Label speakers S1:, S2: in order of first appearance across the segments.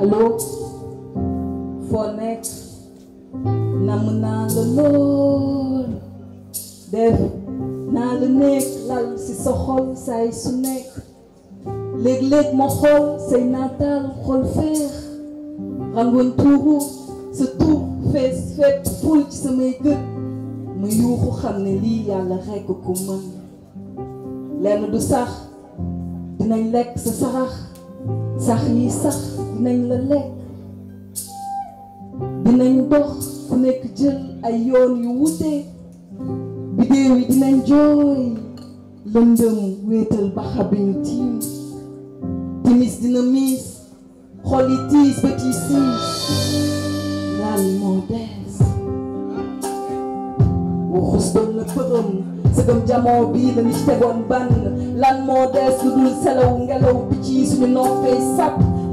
S1: Allô? Foo nekk le naa de l'eau def na la nekk lal si sa xol saay su c'est natal, léeg le faire, say naataal xol c'est tout, fait, sa tuur fees fépp ful ci samay gët ma yuuxu xam ne dinañ la lekk dinañ dox ku nekk jël ay yoon yu wute bidéew yi dinañ jooy lëndëm wéetal baxa bi ñu tiim timis dina miis xol yi tiis bët yi siis lan moo dees waxus doon la përëm sëgëm jamoo bii la ñu tegoon ban lan moo dees lu dul selaw ngelaw picc yi suñu noppee sàpp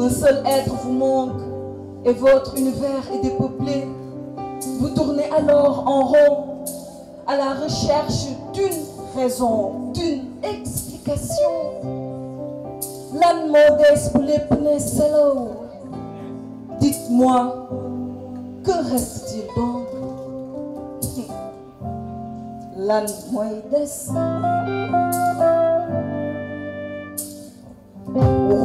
S1: Un seul être vous manque et votre univers est dépeuplé. Vous tournez alors en rond à la recherche d'une raison, d'une explication. Dites-moi, que reste-t-il donc?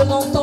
S1: eu não tô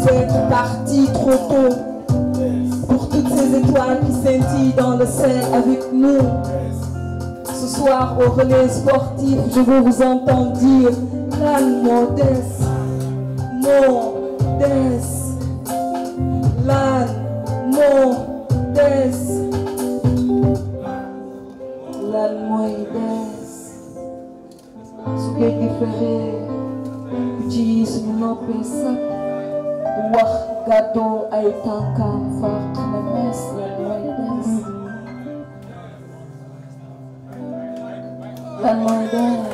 S1: être partis trop tôt. Pour toutes ces étoiles qui scintillent dans le ciel avec nous. Ce soir, au relais sportif, je veux vous entendre dire La modeste, modeste, la modeste, la Ce que je ferai, je mon PSA wax gàddu ay tànkam faax na mees la mooy des lan mooy